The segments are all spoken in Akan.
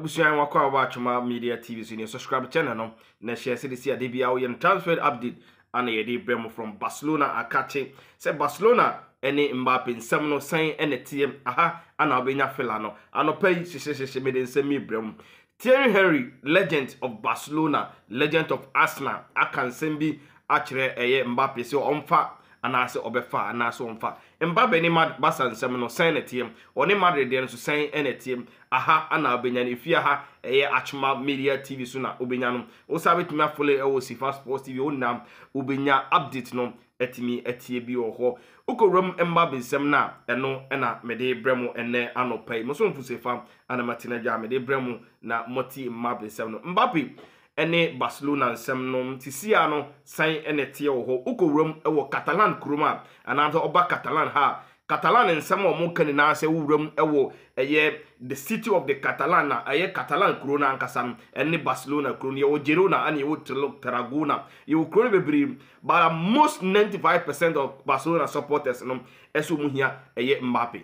abusua wakɔ a wɔatwoma media tv so ne subscribe channel no na hyɛ sɛ si ade bia woyɛ no transfer update ana yɛde brɛ mo from barcelona akakye sɛ barcelona ne mbappe nsɛm no san ne teɛ aha ana wobɛnya fila no anɔpa yi hyehyɛhyehyɛ mede nsɛm yi brɛ mu Thierry Henry legend of Barcelona legend of Arsenal aka nsɛm bi akyerɛ ɛyɛ Mbappe sɛ ɔmfa anaasɛ ɔbɛfa anaasɛ ɔmfa mba ma basa nsɛm no sɛn na tiam ɔne madre deɛ nso sɛn na tiam aha ana ɔbɛnya no efie aha ɛyɛ atwoma media tv so na ɔbɛnya no wosa bɛtumi afolo ɛwɔ sifa sports tv wonam ɔbɛnya update no ɛtumi ɛtie bi wɔ hɔ wokɔwuram mba bensɛm no a ɛno ɛna mɛde brɛ mu ɛnɛ anɔpa yi mosomfo sefa anamatena dwa mede brɛ mu na mɔte mma bensɛm no mbape ne barcelona nsɛm no nti sia no san na ɛteɛ wɔ hɔ wokɔ wuram wɔ catalan kurom a anaasɛ ɔba catalan ha catalan nsɛm a wɔka nyinaa sɛ wowuram wɔ ɛyɛ the city of the catalan na ɛyɛ catalan kuro no ankasa no ne barcelona kuro no yɛwɔ gerona ane yɛwɔ tarragona yɛwɔ kuro no bebree but most 95 percent of barcelona supporters no ɛsɛ wɔn hia ɛyɛ mbappe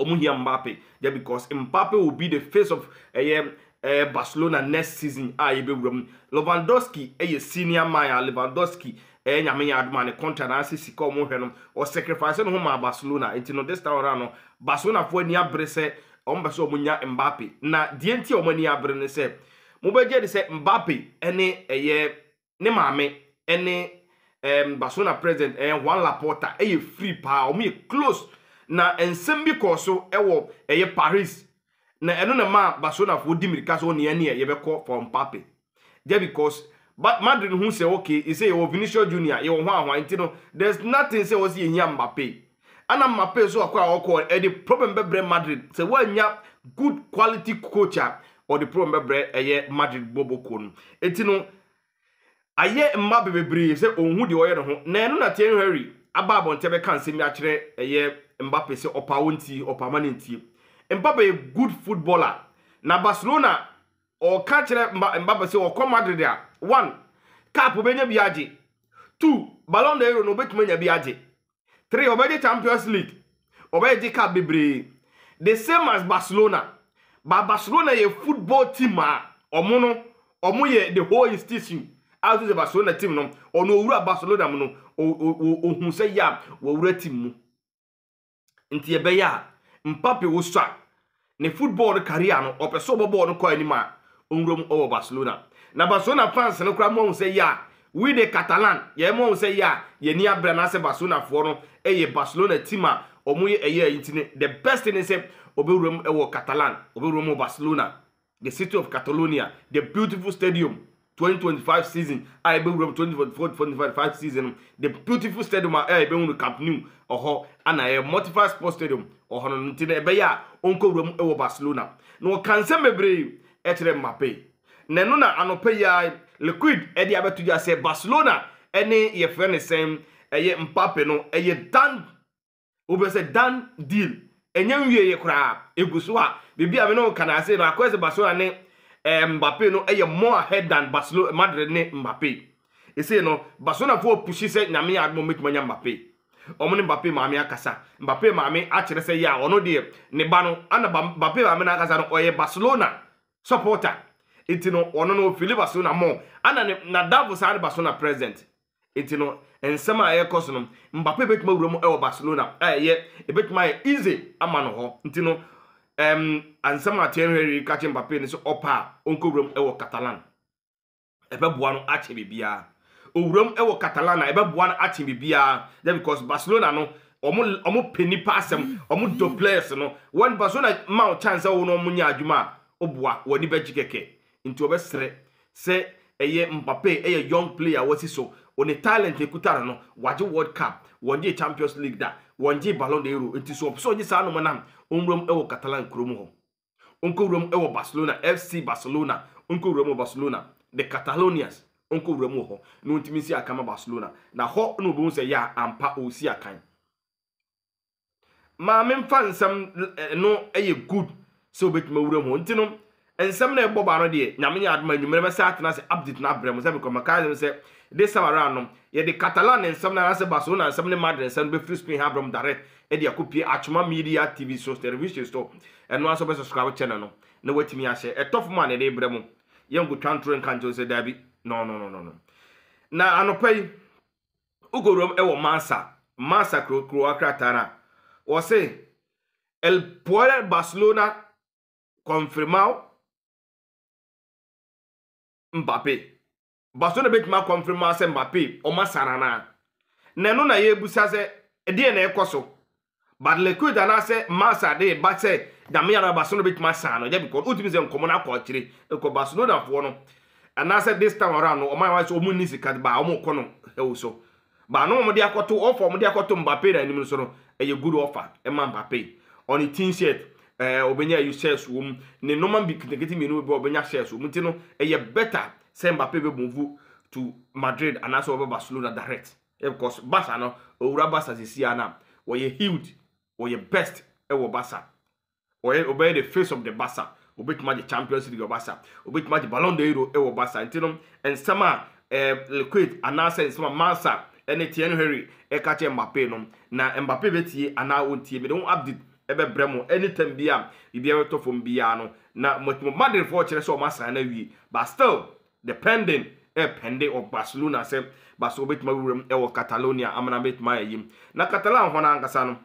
wɔn hia mbappe there because mbappe will be the face of ɛyɛ. Uh, Eh, barcelona next season a yɛbɛwura mu lewandowski eh, yɛ senior man a lewandowski ɛyɛ eh, nyame yɛ adoma ne kɔnta na sika ɔmo hwɛ no ɔsacrifice no ho maa barcelona nti no this time around ani abere sɛ ɔmo sɛ na deɛ nti a ɔmo ani abere ne sɛ mobɛgye de sɛ mbappe ne maame ne um, barcelona president ɛyɛ juan laporta ɛyɛ free paa ɔmo yɛ close na nsɛm bi kɔɔ so ɛyɛ paris na ɛno na ma barcelonafoɔ di mirika so ne ɛne yɛbɛkɔ from pape just because madrid ho sɛ okay ɛsɛ yɛwɔ vinicius junior yɛwɔ ho ahoa nti no there is nothing sɛ wɔ sɛ yɛnya mbappe ana mbappe so akɔ a ɔkɔ ɛde problem bɛbrɛ madrid sɛ woanya good quality coach a ɔde problem bɛbrɛ ɛyɛ madrid bɔbɔkɔ no ɛti no ayɛ mma bebree sɛ ɔnhu deɛ ɔyɛ ne ho na ɛno na tiɛn harry aba abɔntɛ bɛka nsɛm akyerɛ ɛyɛ mbappe sɛ ɔpa wo nti ɔpa ma ne ntie Mbappe a good footballer. Na Barcelona or catch Mbappe say or come Madrid a one cap obenya bi age. Two Ballon d'Or no betuma nya bi age. Three obenya Champions League. Obenya cap bebree. The same as Barcelona. But Barcelona a football team a ah, ɔmo no ɔmo yɛ the whole institution out of the barcelona team no ɔno owura barcelona mu no ohun sɛ yam wɔwura team mu nti ɛbɛyɛ a Mbappe wo sua ne football career no ɔpɛ sɛ ɔbɔ no kɔ anim a ɔnwuram ɔwɔ Barcelona na Barcelona fans no koraa mɔhu sɛ yɛ a we de Catalan yɛn mɔhu sɛ yɛ a yɛni abira na sɛ Barcelona foɔ no yɛ Barcelona team a wɔn yɛ ɛyɛ ɛyi ti ne the best ne sɛ ɔbɛwuram wɔ Catalan ɔbɛwuram wɔ Barcelona the city of Catalonia the beautiful stadium 2025 season a yɛbɛwura mu 2024-2025 season the beautiful stadium a yɛbɛhu eh, no camp new ɔhɔ ana ɛyɛ eh, mortified sports stadium ɔhɔ no nti na ɛbɛyɛ a ɔnkɔwura mu wɔ barcelona na wɔka nsɛm bebree ɛkyerɛ eh, mmape na ɛno na anɔpɛ yi a liquid ɛde abɛto gya sɛ barcelona ɛne yɛfrɛ ne sɛn ɛyɛ mpape no ɛyɛ dan wobɛ dan deal ɛnyɛ nwie yɛ koraa egu so a biribi a mene wo kana ase no akɔɛ sɛ barcelona ne Eh, Mbappe no eh, yɛ more ahead than Barcelona Madrid ne Mbappe ɛsei no Barcelona fo pushi eh, sɛ nyame yɛ adom mɛtumi anya Mbappe ɔmo ne Mbappe maame akasa Mbappe maame akyerɛ sɛ yɛ a ɔno deɛ ne ba no ana Mbappe maame no akasa no ɔyɛ Barcelona supporter nti no ɔno no ofili Barcelona mo ana ne nadavo saa ne Barcelona president nti no nsɛm a ɛyɛ kɔ so no Mbappe bɛtumi wuro mu ɛwɔ Barcelona a ɛyɛ ɛbɛtumi ayɛ easy ama no hɔ nti no ansɛm na teɛ ka kye mbappe ne sɛ ɔpa a ɔnkɔwuram wɔ catalan ɛbɛboa no akyɛ biribiara m wɔ catalan a ɛbɛboa no akyɛ biribiara because barcelona no ɔmo pɛ nipa asɛm ɔmo dɔ players no wɔn barcelona ma ọ chance wo na ɔmo nyɛ adwuma a ɔboa wɔn ani bɛgye kɛkɛ nti ɔbɛsrɛ sɛ ɛyɛ ɛyɛ young player wɔsi so ɔne talent ekuta no champions league da wɔngye ballon euro, nti so ɔpɛ sɛ ɔgye saa nom nam ɔnwuram wɔ catalan kurom hɔ ɔnkɔwuram wɔ barcelona fc barcelona ɔnkɔwuram wɔ barcelona the catalonians ɔnkɔwuram wɔ hɔ na ɔntumi si akan barcelona na hɔ na obɛhu sɛ yɛ ampa ɔresi akan maame mfa nsɛm no yɛ good sɛ obɛtumi awuram hɔ nti no nsɛm na ɛbɔ baa no deɛ nyame nyɛ adoma anwummerɛ bɛsɛ atena sɛ update no abrɛ mu sɛ mekɔmaka sɛm sɛ de samara no yɛde catalan ne nsɛm no anasɛ barcelona nsɛm ne madrid nsɛm no bɛfiri spain ha abrɛ mu direct ɛde akɔpie atwoma media tv so television so ɛno nso bɛsubscribe channel no na watumi ahyɛ ɛtɔfo mu a ne de brɛ mu yɛnkotwa ntoro nka nkyɛw sɛ daabi no no no no no na anɔpa yi wokɔwuram ɛwɔ mansa mansa kurowa krataa no a wɔ se el puer barcelona confirmao Mbappe Barcelona bɛtumi akɔmfiri ma sɛ Mbappe ɔma sara na na ɛno na yɛbusa sɛ ɛdeɛ na ɛkɔ so but lekud anaasɛ masa de baso sɛ dame yɛra Barcelona bɛtumi asan no yɛ bikɔ wotumi sɛ nkɔmmɔ no akɔ akyire ɛkɔ Barcelonafoɔ no anaasɛ this time around no ɔma wa sɛ ɔmu ni sika ba ɔmu kɔ no ɛwo e so ba no ɔmo de akɔto ɔfɔ ɔmo de akɔto mbape na e anim so e no ɛyɛ good offer ɛma mbape on the team shirt ɛɛ ɔbɛnya ayi shares wɔ mu ne nneɛma bi nketenkete mmienu bi ɔbɛnya shares wɔ mu nti no ɛyɛ better sɛ mbappe bɛ move to madrid anaasɛ ɔbɛ barcelona direct because barca no owura barca sisi ana wɔyɛ healed wɔyɛ best ɛwɔ barca wɔyɛ ɔbɛyɛ the face of the barca obetuma de champions league ɔbasa obetuma de ballon d'or ɛwɔ basa nti no nsɛm a ɛɛ eh, liquid anaasɛ nsɛm a mansa ɛne tiɛn henry ɛka kyɛ mbappe no na mbappe bɛ tie anaa wɔn tie bi de wɔn update ɛbɛbrɛ mo anytime bi a biribiara bɛtɔ fam biara no na madridfoɔ kyerɛ sɛ ɔmo asan no awie but still depending ɛpɛnde of barcelona sɛ baso obetuma wura mu ɛwɔ catalonia amana betuma ayɛ yim na catalan hɔ n'ankasa no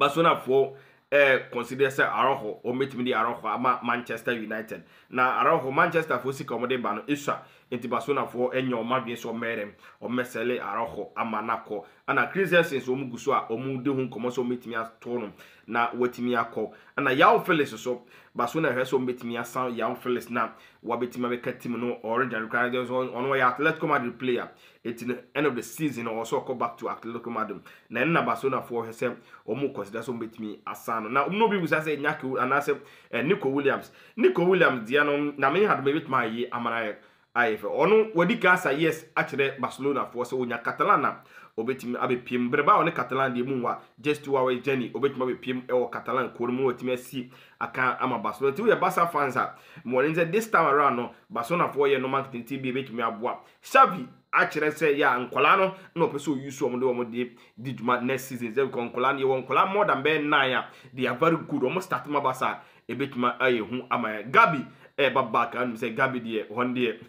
barcelonafoɔ ɛɛ consider sɛ arɔhɔ ɔmɛtumi de arɔhɔ ama manchester united na arɔhɔ manchester fo sika ɔmo de ba no esua nti barcelonafoɔ ɛnyɛ ɔmo adwene sɛ ɔmɛrɛ mu ɔmɛsɛlɛ arɔhɔ ama n'akɔ ana christians wɔn gu so a wɔn de ho nkɔmɔ sɛ wɔn bɛtumi ato no na wɔatumi akɔ ana yaw felix so baso na ɛhwɛ sɛ wɔn bɛtumi asan yaw felix na wɔabɛtumi abɛka tim no ɔregya nkran de nso ɔno ɔyɛ atletico madrid player eti no end of the season ɔwɔ sɛ ɔkɔ back to atletico madrid na ɛno na baso na foɔ hwɛ sɛ wɔn kɔsida sɛ wɔn bɛtumi asan no na wɔn na obi busa sɛ nyake anaasɛ ɛɛ eh, nico williams nico williams deɛ no na menyɛ adoma ebi tuma ayi amana yɛ ayɛfɛ ɔno wadi ka yes akyerɛ barcelona foɔ sɛ ɔnya catalan a obetumi abepiem bereba a ɔne catalan deɛ mu wa just two hours journey obetumi abepiem ɛwɔ catalan kuro mu wɔtumi asi aka ama barcelona ti yɛ barca fans a mmɔden sɛ this time around no barcelona foɔ yɛ normal tete bi ebetumi aboa xavi akyerɛ sɛ yɛ nkɔla no na ɔpɛ sɛ oyi so ɔmo de ɔmo de di dwuma next season sɛ nkɔ nkɔla no yɛ nkɔla more than bɛyɛ nine a they are very good ɔmo start ma barca ebetumi ayɛ ho ama yɛ gabi ɛɛba eh, back anum sɛ gabi deɛ wɔn deɛ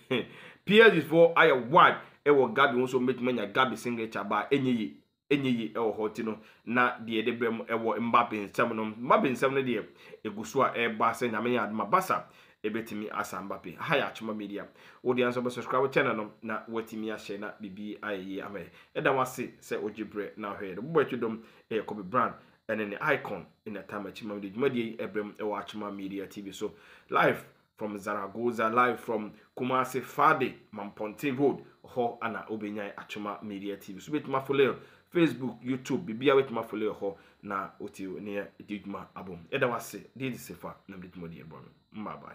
psg foɔ ayɛ wide ɛwɔ gabi wɔn nso mɛtuma nya gabi singleture ba ɛnyɛ eh, yie eh, ɛnyɛ yie ɛwɔ hɔ ti no na deɛ ɛde brɛ mu ɛwɔ mbappe nsɛm no mbappe nsɛm no deɛ egu so a ɛɛba sɛ nyame yɛ aduma basa ɛbɛtumi e asa mbappe ha yɛ atwoma media wodi anso bɛ subscribe channel no na watumi ahyɛ na biribi ayɛ yie ama yɛ e ɛda wase sɛ ogye brɛ na ahwɛ yɛ no bobɔ akyi dɔm ɛyɛ e, kobe brand ɛne ne icon ɛna time akyi ma mi de dwumadie ɛbrɛ mu ɛwɔ atwoma media tv so live from zaragoza live from Kumasi, fade Mamponte road Ho ana wobɛnya achuma media tv so bɛtuma follow facebook youtube biribia bɛtuma follow ho na wotiw ne yɛ di dwuma abom ɛda wase deɛ de sefa na mede dwuma deɛ bɔ no